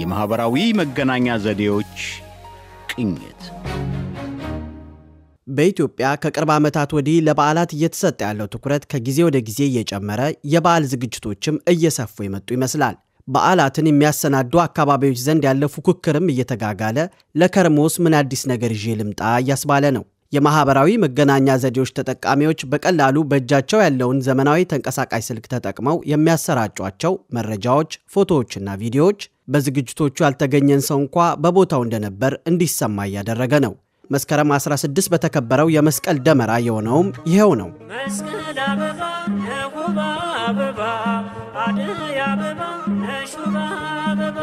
የማኅበራዊ መገናኛ ዘዴዎች ቅኝት በኢትዮጵያ ከቅርብ ዓመታት ወዲህ ለበዓላት እየተሰጠ ያለው ትኩረት ከጊዜ ወደ ጊዜ እየጨመረ የበዓል ዝግጅቶችም እየሰፉ የመጡ ይመስላል። በዓላትን የሚያሰናዱ አካባቢዎች ዘንድ ያለ ፉክክርም እየተጋጋለ ለከርሞስ ምን አዲስ ነገር ይዤ ልምጣ እያስባለ ነው። የማህበራዊ መገናኛ ዘዴዎች ተጠቃሚዎች በቀላሉ በእጃቸው ያለውን ዘመናዊ ተንቀሳቃሽ ስልክ ተጠቅመው የሚያሰራጯቸው መረጃዎች፣ ፎቶዎችና ቪዲዮዎች በዝግጅቶቹ ያልተገኘን ሰው እንኳ በቦታው እንደነበር እንዲሰማ እያደረገ ነው። መስከረም 16 በተከበረው የመስቀል ደመራ የሆነውም ይኸው ነው። አበባ አደይ አበባ አበባ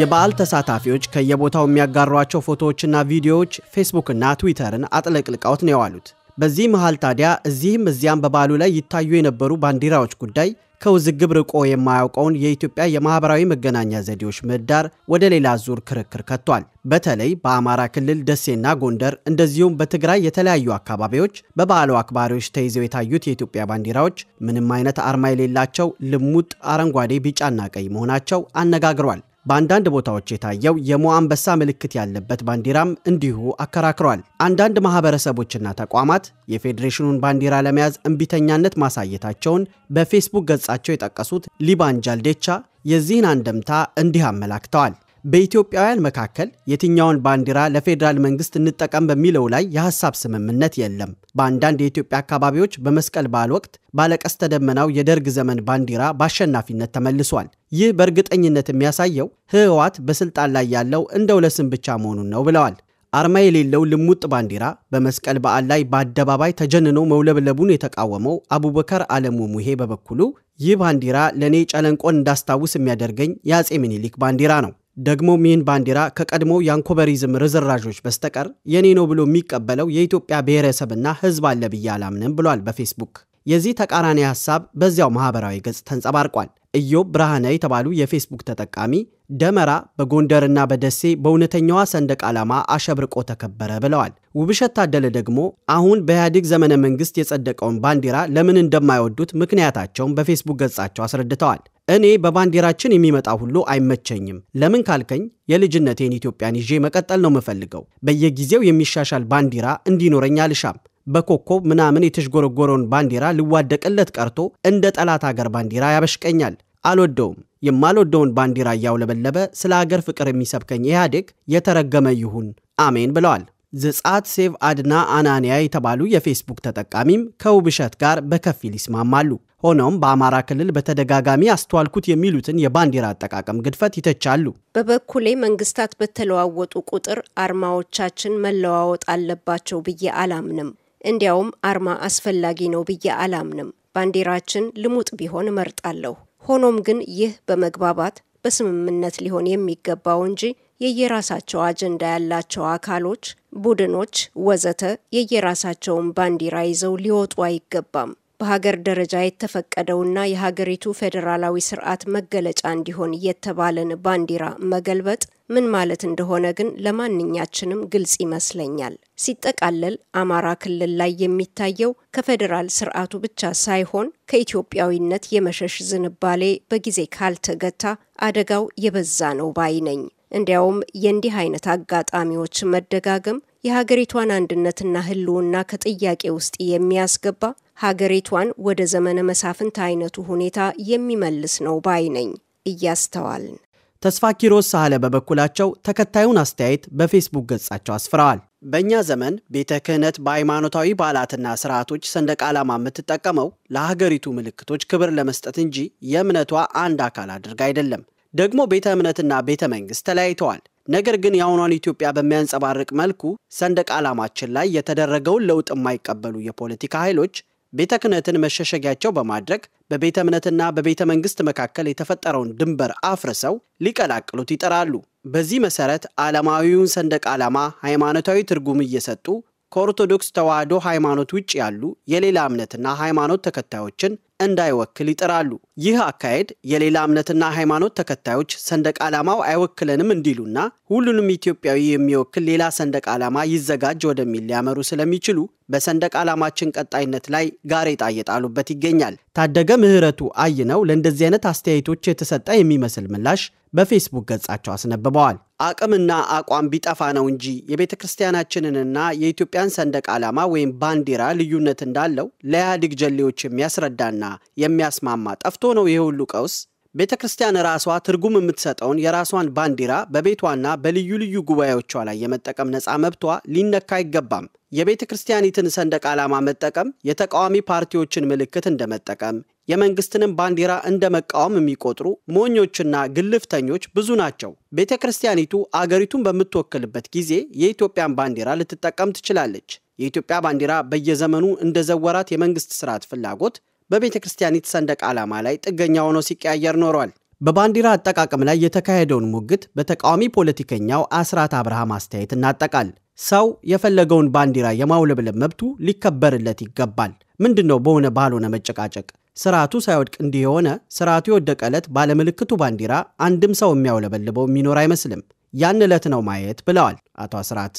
የበዓል ተሳታፊዎች ከየቦታው የሚያጋሯቸው ፎቶዎችና ቪዲዮዎች ፌስቡክና ትዊተርን አጥለቅልቃውት ነው የዋሉት። በዚህ መሃል ታዲያ እዚህም እዚያም በበዓሉ ላይ ይታዩ የነበሩ ባንዲራዎች ጉዳይ ከውዝግብ ርቆ የማያውቀውን የኢትዮጵያ የማህበራዊ መገናኛ ዘዴዎች ምህዳር ወደ ሌላ ዙር ክርክር ከቷል። በተለይ በአማራ ክልል ደሴና ጎንደር እንደዚሁም በትግራይ የተለያዩ አካባቢዎች በበዓሉ አክባሪዎች ተይዘው የታዩት የኢትዮጵያ ባንዲራዎች ምንም አይነት አርማ የሌላቸው ልሙጥ አረንጓዴ፣ ቢጫና ቀይ መሆናቸው አነጋግሯል። በአንዳንድ ቦታዎች የታየው የሞ አንበሳ ምልክት ያለበት ባንዲራም እንዲሁ አከራክሯል። አንዳንድ ማህበረሰቦችና ተቋማት የፌዴሬሽኑን ባንዲራ ለመያዝ እምቢተኛነት ማሳየታቸውን በፌስቡክ ገጻቸው የጠቀሱት ሊባን ጃልዴቻ የዚህን አንድምታ እንዲህ አመላክተዋል። በኢትዮጵያውያን መካከል የትኛውን ባንዲራ ለፌዴራል መንግስት እንጠቀም በሚለው ላይ የሐሳብ ስምምነት የለም። በአንዳንድ የኢትዮጵያ አካባቢዎች በመስቀል በዓል ወቅት ባለቀስተ ደመናው የደርግ ዘመን ባንዲራ በአሸናፊነት ተመልሷል። ይህ በእርግጠኝነት የሚያሳየው ህወሓት በስልጣን ላይ ያለው እንደው ለስም ብቻ መሆኑን ነው ብለዋል። አርማ የሌለው ልሙጥ ባንዲራ በመስቀል በዓል ላይ በአደባባይ ተጀንኖ መውለብለቡን የተቃወመው አቡበከር አለሙ ሙሄ በበኩሉ ይህ ባንዲራ ለእኔ ጨለንቆን እንዳስታውስ የሚያደርገኝ የአጼ ምኒልክ ባንዲራ ነው ደግሞ ይህን ባንዲራ ከቀድሞ የአንኮበሪዝም ርዝራዦች በስተቀር የኔ ነው ብሎ የሚቀበለው የኢትዮጵያ ብሔረሰብና ሕዝብ አለ ብዬ አላምንም ብሏል በፌስቡክ። የዚህ ተቃራኒ ሐሳብ በዚያው ማኅበራዊ ገጽ ተንጸባርቋል። ኢዮብ ብርሃነ የተባሉ የፌስቡክ ተጠቃሚ ደመራ በጎንደርና በደሴ በእውነተኛዋ ሰንደቅ ዓላማ አሸብርቆ ተከበረ ብለዋል። ውብሸት ታደለ ደግሞ አሁን በኢህአዴግ ዘመነ መንግስት የጸደቀውን ባንዲራ ለምን እንደማይወዱት ምክንያታቸውን በፌስቡክ ገጻቸው አስረድተዋል። እኔ በባንዲራችን የሚመጣ ሁሉ አይመቸኝም። ለምን ካልከኝ የልጅነቴን ኢትዮጵያን ይዤ መቀጠል ነው የምፈልገው። በየጊዜው የሚሻሻል ባንዲራ እንዲኖረኝ አልሻም። በኮከብ ምናምን የተዥጎረጎረውን ባንዲራ ልዋደቅለት ቀርቶ እንደ ጠላት አገር ባንዲራ ያበሽቀኛል። አልወደውም። የማልወደውን ባንዲራ እያውለበለበ ስለ አገር ፍቅር የሚሰብከኝ ኢህአዴግ የተረገመ ይሁን አሜን ብለዋል። ዘጻት ሴቭ አድና አናንያ የተባሉ የፌስቡክ ተጠቃሚም ከውብሸት ጋር በከፊል ይስማማሉ። ሆኖም በአማራ ክልል በተደጋጋሚ አስተዋልኩት የሚሉትን የባንዲራ አጠቃቀም ግድፈት ይተቻሉ። በበኩሌ መንግስታት በተለዋወጡ ቁጥር አርማዎቻችን መለዋወጥ አለባቸው ብዬ አላምንም። እንዲያውም አርማ አስፈላጊ ነው ብዬ አላምንም። ባንዲራችን ልሙጥ ቢሆን እመርጣለሁ። ሆኖም ግን ይህ በመግባባት በስምምነት ሊሆን የሚገባው እንጂ የየራሳቸው አጀንዳ ያላቸው አካሎች፣ ቡድኖች፣ ወዘተ የየራሳቸውን ባንዲራ ይዘው ሊወጡ አይገባም። በሀገር ደረጃ የተፈቀደውና የሀገሪቱ ፌዴራላዊ ስርዓት መገለጫ እንዲሆን የተባለን ባንዲራ መገልበጥ ምን ማለት እንደሆነ ግን ለማንኛችንም ግልጽ ይመስለኛል። ሲጠቃለል አማራ ክልል ላይ የሚታየው ከፌዴራል ስርዓቱ ብቻ ሳይሆን ከኢትዮጵያዊነት የመሸሽ ዝንባሌ በጊዜ ካልተገታ አደጋው የበዛ ነው ባይ ነኝ። እንዲያውም የእንዲህ አይነት አጋጣሚዎች መደጋገም የሀገሪቷን አንድነትና ሕልውና ከጥያቄ ውስጥ የሚያስገባ ሀገሪቷን ወደ ዘመነ መሳፍንት አይነቱ ሁኔታ የሚመልስ ነው ባይ ነኝ። እያስተዋልን ተስፋ ኪሮስ ሳህለ በበኩላቸው ተከታዩን አስተያየት በፌስቡክ ገጻቸው አስፍረዋል። በእኛ ዘመን ቤተ ክህነት በሃይማኖታዊ በዓላትና ስርዓቶች ሰንደቅ ዓላማ የምትጠቀመው ለሀገሪቱ ምልክቶች ክብር ለመስጠት እንጂ የእምነቷ አንድ አካል አድርጋ አይደለም። ደግሞ ቤተ እምነትና ቤተ መንግሥት ተለያይተዋል። ነገር ግን የአሁኗን ኢትዮጵያ በሚያንጸባርቅ መልኩ ሰንደቅ ዓላማችን ላይ የተደረገውን ለውጥ የማይቀበሉ የፖለቲካ ኃይሎች ቤተ ክህነትን መሸሸጊያቸው በማድረግ በቤተ እምነትና በቤተ መንግስት መካከል የተፈጠረውን ድንበር አፍርሰው ሊቀላቅሉት ይጠራሉ። በዚህ መሰረት ዓለማዊውን ሰንደቅ ዓላማ ሃይማኖታዊ ትርጉም እየሰጡ ከኦርቶዶክስ ተዋሕዶ ሃይማኖት ውጭ ያሉ የሌላ እምነትና ሃይማኖት ተከታዮችን እንዳይወክል ይጥራሉ። ይህ አካሄድ የሌላ እምነትና ሃይማኖት ተከታዮች ሰንደቅ ዓላማው አይወክለንም እንዲሉና ሁሉንም ኢትዮጵያዊ የሚወክል ሌላ ሰንደቅ ዓላማ ይዘጋጅ ወደሚል ሊያመሩ ስለሚችሉ በሰንደቅ ዓላማችን ቀጣይነት ላይ ጋሬጣ እየጣሉበት ይገኛል። ታደገ ምህረቱ አይነው ለእንደዚህ አይነት አስተያየቶች የተሰጠ የሚመስል ምላሽ በፌስቡክ ገጻቸው አስነብበዋል። አቅምና አቋም ቢጠፋ ነው እንጂ የቤተ ክርስቲያናችንንና የኢትዮጵያን ሰንደቅ ዓላማ ወይም ባንዲራ ልዩነት እንዳለው ለኢህአዴግ ጀሌዎች የሚያስረዳና የሚያስማማ ጠፍቶ ነው ይህ ሁሉ ቀውስ? ቤተ ክርስቲያን ራሷ ትርጉም የምትሰጠውን የራሷን ባንዲራ በቤቷና በልዩ ልዩ ጉባኤዎቿ ላይ የመጠቀም ነፃ መብቷ ሊነካ አይገባም። የቤተ ክርስቲያኒትን ሰንደቅ ዓላማ መጠቀም የተቃዋሚ ፓርቲዎችን ምልክት እንደመጠቀም የመንግስትንም ባንዲራ እንደ መቃወም የሚቆጥሩ ሞኞችና ግልፍተኞች ብዙ ናቸው። ቤተ ክርስቲያኒቱ አገሪቱን በምትወክልበት ጊዜ የኢትዮጵያን ባንዲራ ልትጠቀም ትችላለች። የኢትዮጵያ ባንዲራ በየዘመኑ እንደ ዘወራት የመንግስት ስርዓት ፍላጎት በቤተ ክርስቲያኒት ሰንደቅ ዓላማ ላይ ጥገኛ ሆኖ ሲቀያየር ኖሯል። በባንዲራ አጠቃቀም ላይ የተካሄደውን ሙግት በተቃዋሚ ፖለቲከኛው አስራት አብርሃም አስተያየት እናጠቃል። ሰው የፈለገውን ባንዲራ የማውለብለብ መብቱ ሊከበርለት ይገባል። ምንድን ነው በሆነ ባልሆነ መጨቃጨቅ ስርዓቱ ሳይወድቅ እንዲህ የሆነ ስርዓቱ የወደቀ ዕለት ባለምልክቱ ባንዲራ አንድም ሰው የሚያውለበልበው የሚኖር አይመስልም። ያን ዕለት ነው ማየት ብለዋል አቶ አስራት።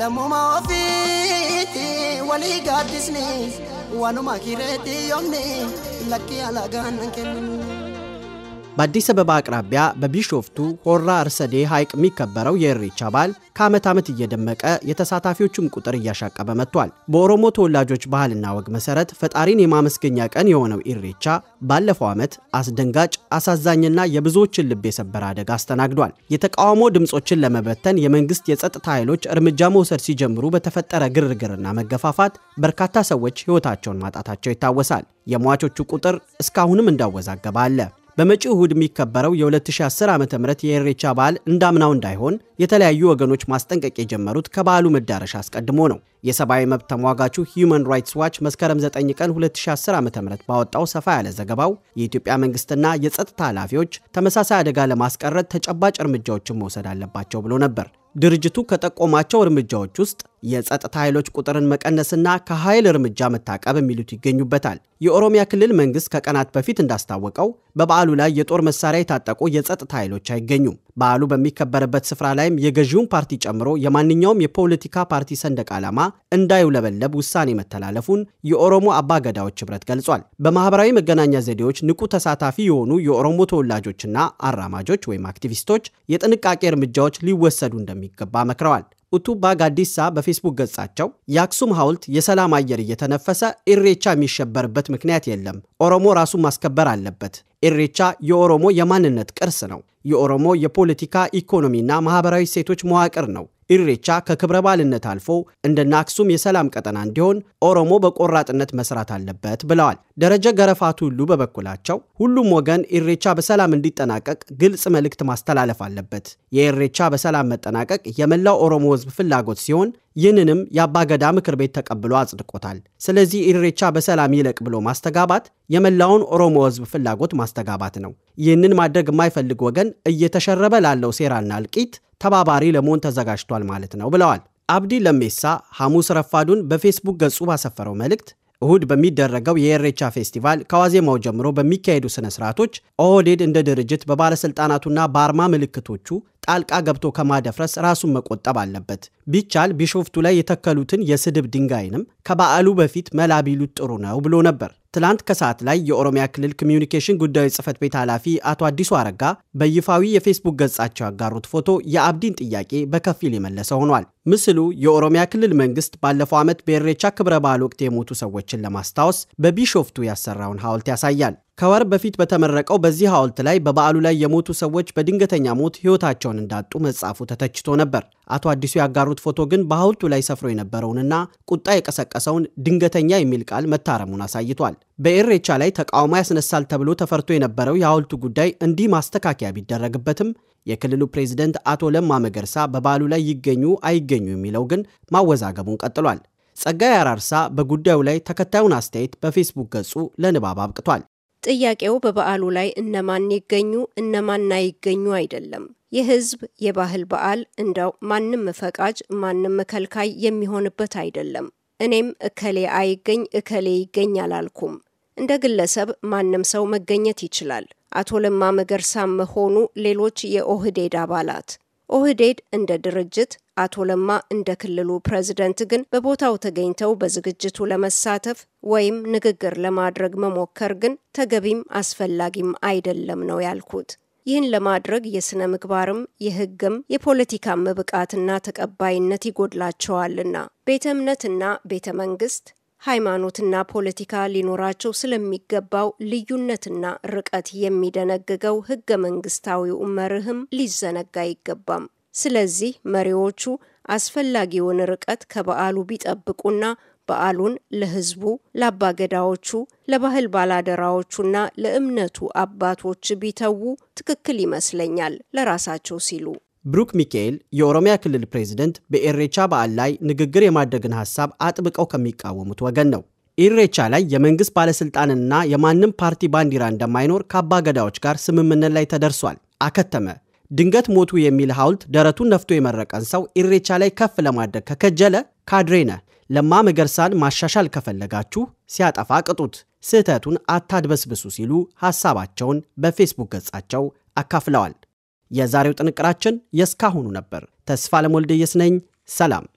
lammummaa ofiitti walii gaaddisni waanuma kireetti yoomni lakkii alagaan kenninu. በአዲስ አበባ አቅራቢያ በቢሾፍቱ ሆራ እርሰዴ ሐይቅ የሚከበረው የእሬቻ በዓል ከዓመት ዓመት እየደመቀ የተሳታፊዎቹም ቁጥር እያሻቀበ መጥቷል። በኦሮሞ ተወላጆች ባህልና ወግ መሠረት ፈጣሪን የማመስገኛ ቀን የሆነው ኢሬቻ ባለፈው ዓመት አስደንጋጭ፣ አሳዛኝና የብዙዎችን ልብ የሰበረ አደጋ አስተናግዷል። የተቃውሞ ድምፆችን ለመበተን የመንግስት የጸጥታ ኃይሎች እርምጃ መውሰድ ሲጀምሩ በተፈጠረ ግርግርና መገፋፋት በርካታ ሰዎች ሕይወታቸውን ማጣታቸው ይታወሳል። የሟቾቹ ቁጥር እስካሁንም እንዳወዛገባ አለ። በመጪው እሁድ የሚከበረው የ2010 ዓ ም የኢሬቻ በዓል እንዳምናው እንዳይሆን የተለያዩ ወገኖች ማስጠንቀቅ የጀመሩት ከበዓሉ መዳረሻ አስቀድሞ ነው። የሰብአዊ መብት ተሟጋቹ ሂዩማን ራይትስ ዋች መስከረም 9 ቀን 2010 ዓ ም ባወጣው ሰፋ ያለ ዘገባው የኢትዮጵያ መንግስትና የጸጥታ ኃላፊዎች ተመሳሳይ አደጋ ለማስቀረት ተጨባጭ እርምጃዎችን መውሰድ አለባቸው ብሎ ነበር። ድርጅቱ ከጠቆማቸው እርምጃዎች ውስጥ የጸጥታ ኃይሎች ቁጥርን መቀነስና ከኃይል እርምጃ መታቀብ የሚሉት ይገኙበታል። የኦሮሚያ ክልል መንግስት ከቀናት በፊት እንዳስታወቀው በበዓሉ ላይ የጦር መሳሪያ የታጠቁ የጸጥታ ኃይሎች አይገኙም። በዓሉ በሚከበርበት ስፍራ ላይም የገዢውን ፓርቲ ጨምሮ የማንኛውም የፖለቲካ ፓርቲ ሰንደቅ ዓላማ እንዳይውለበለብ ውሳኔ መተላለፉን የኦሮሞ አባገዳዎች ህብረት ገልጿል። በማህበራዊ መገናኛ ዘዴዎች ንቁ ተሳታፊ የሆኑ የኦሮሞ ተወላጆችና አራማጆች ወይም አክቲቪስቶች የጥንቃቄ እርምጃዎች ሊወሰዱ እንደሚገባ መክረዋል። ኡቱባ ጋዲሳ በፌስቡክ ገጻቸው የአክሱም ሐውልት የሰላም አየር እየተነፈሰ ኢሬቻ የሚሸበርበት ምክንያት የለም። ኦሮሞ ራሱን ማስከበር አለበት። ኢሬቻ የኦሮሞ የማንነት ቅርስ ነው። የኦሮሞ የፖለቲካ ኢኮኖሚና ማህበራዊ ሴቶች መዋቅር ነው። ኢሬቻ ከክብረ ባልነት አልፎ እንደና አክሱም የሰላም ቀጠና እንዲሆን ኦሮሞ በቆራጥነት መስራት አለበት ብለዋል። ደረጀ ገረፋቱ ሁሉ በበኩላቸው ሁሉም ወገን ኢሬቻ በሰላም እንዲጠናቀቅ ግልጽ መልእክት ማስተላለፍ አለበት። የኢሬቻ በሰላም መጠናቀቅ የመላው ኦሮሞ ሕዝብ ፍላጎት ሲሆን ይህንንም የአባገዳ ምክር ቤት ተቀብሎ አጽድቆታል። ስለዚህ ኢሬቻ በሰላም ይለቅ ብሎ ማስተጋባት የመላውን ኦሮሞ ሕዝብ ፍላጎት ማስተጋባት ነው። ይህንን ማድረግ የማይፈልግ ወገን እየተሸረበ ላለው ሴራና እልቂት ተባባሪ ለመሆን ተዘጋጅቷል ማለት ነው ብለዋል። አብዲ ለሜሳ ሐሙስ ረፋዱን በፌስቡክ ገጹ ባሰፈረው መልእክት እሁድ በሚደረገው የኤሬቻ ፌስቲቫል ከዋዜማው ጀምሮ በሚካሄዱ ስነ ስርዓቶች ኦህዴድ እንደ ድርጅት በባለሥልጣናቱና በአርማ ምልክቶቹ ጣልቃ ገብቶ ከማደፍረስ ራሱን መቆጠብ አለበት። ቢቻል ቢሾፍቱ ላይ የተከሉትን የስድብ ድንጋይንም ከበዓሉ በፊት መላ ቢሉት ጥሩ ነው ብሎ ነበር። ትላንት ከሰዓት ላይ የኦሮሚያ ክልል ኮሚዩኒኬሽን ጉዳዮች ጽህፈት ቤት ኃላፊ አቶ አዲሱ አረጋ በይፋዊ የፌስቡክ ገጻቸው ያጋሩት ፎቶ የአብዲን ጥያቄ በከፊል የመለሰ ሆኗል። ምስሉ የኦሮሚያ ክልል መንግስት ባለፈው ዓመት በሬቻ ክብረ በዓል ወቅት የሞቱ ሰዎችን ለማስታወስ በቢሾፍቱ ያሰራውን ሐውልት ያሳያል። ከወር በፊት በተመረቀው በዚህ ሐውልት ላይ በበዓሉ ላይ የሞቱ ሰዎች በድንገተኛ ሞት ሕይወታቸውን እንዳጡ መጻፉ ተተችቶ ነበር። አቶ አዲሱ ያጋሩት ፎቶ ግን በሐውልቱ ላይ ሰፍሮ የነበረውንና ቁጣ የቀሰቀሰውን ድንገተኛ የሚል ቃል መታረሙን አሳይቷል። በኤሬቻ ላይ ተቃውሞ ያስነሳል ተብሎ ተፈርቶ የነበረው የሐውልቱ ጉዳይ እንዲህ ማስተካከያ ቢደረግበትም የክልሉ ፕሬዝደንት አቶ ለማ መገርሳ በበዓሉ ላይ ይገኙ አይገኙ የሚለው ግን ማወዛገቡን ቀጥሏል። ጸጋዬ አራርሳ በጉዳዩ ላይ ተከታዩን አስተያየት በፌስቡክ ገጹ ለንባብ አብቅቷል። ጥያቄው በበዓሉ ላይ እነማን ይገኙ እነማን አይገኙ አይደለም። የህዝብ የባህል በዓል እንደው ማንም ፈቃጅ ማንም ከልካይ የሚሆንበት አይደለም። እኔም እከሌ አይገኝ እከሌ ይገኝ አላልኩም። እንደ ግለሰብ ማንም ሰው መገኘት ይችላል። አቶ ለማ መገርሳም መሆኑ ሌሎች የኦህዴድ አባላት ኦህዴድ እንደ ድርጅት አቶ ለማ እንደ ክልሉ ፕሬዝደንት ግን በቦታው ተገኝተው በዝግጅቱ ለመሳተፍ ወይም ንግግር ለማድረግ መሞከር ግን ተገቢም አስፈላጊም አይደለም ነው ያልኩት። ይህን ለማድረግ የሥነ ምግባርም የሕግም የፖለቲካም ብቃትና ተቀባይነት ይጎድላቸዋልና ቤተ እምነትና ቤተ መንግስት ሃይማኖትና ፖለቲካ ሊኖራቸው ስለሚገባው ልዩነትና ርቀት የሚደነግገው ህገ መንግስታዊው መርህም ሊዘነጋ አይገባም። ስለዚህ መሪዎቹ አስፈላጊውን ርቀት ከበዓሉ ቢጠብቁና በዓሉን ለህዝቡ፣ ለአባገዳዎቹ፣ ለባህል ባላደራዎቹና ለእምነቱ አባቶች ቢተዉ ትክክል ይመስለኛል ለራሳቸው ሲሉ ብሩክ ሚካኤል የኦሮሚያ ክልል ፕሬዝደንት በኢሬቻ በዓል ላይ ንግግር የማድረግን ሐሳብ አጥብቀው ከሚቃወሙት ወገን ነው። ኢሬቻ ላይ የመንግሥት ባለሥልጣንና የማንም ፓርቲ ባንዲራ እንደማይኖር ከአባ ገዳዎች ጋር ስምምነት ላይ ተደርሷል። አከተመ። ድንገት ሞቱ የሚል ሐውልት ደረቱን ነፍቶ የመረቀን ሰው ኢሬቻ ላይ ከፍ ለማድረግ ከከጀለ ካድሬ ነህ። ለማ መገርሳን ማሻሻል ከፈለጋችሁ ሲያጠፋ ቅጡት፣ ስህተቱን አታድበስብሱ ሲሉ ሐሳባቸውን በፌስቡክ ገጻቸው አካፍለዋል። የዛሬው ጥንቅራችን የእስካሁኑ ነበር። ተስፋ ለሞልደየስ ነኝ። ሰላም።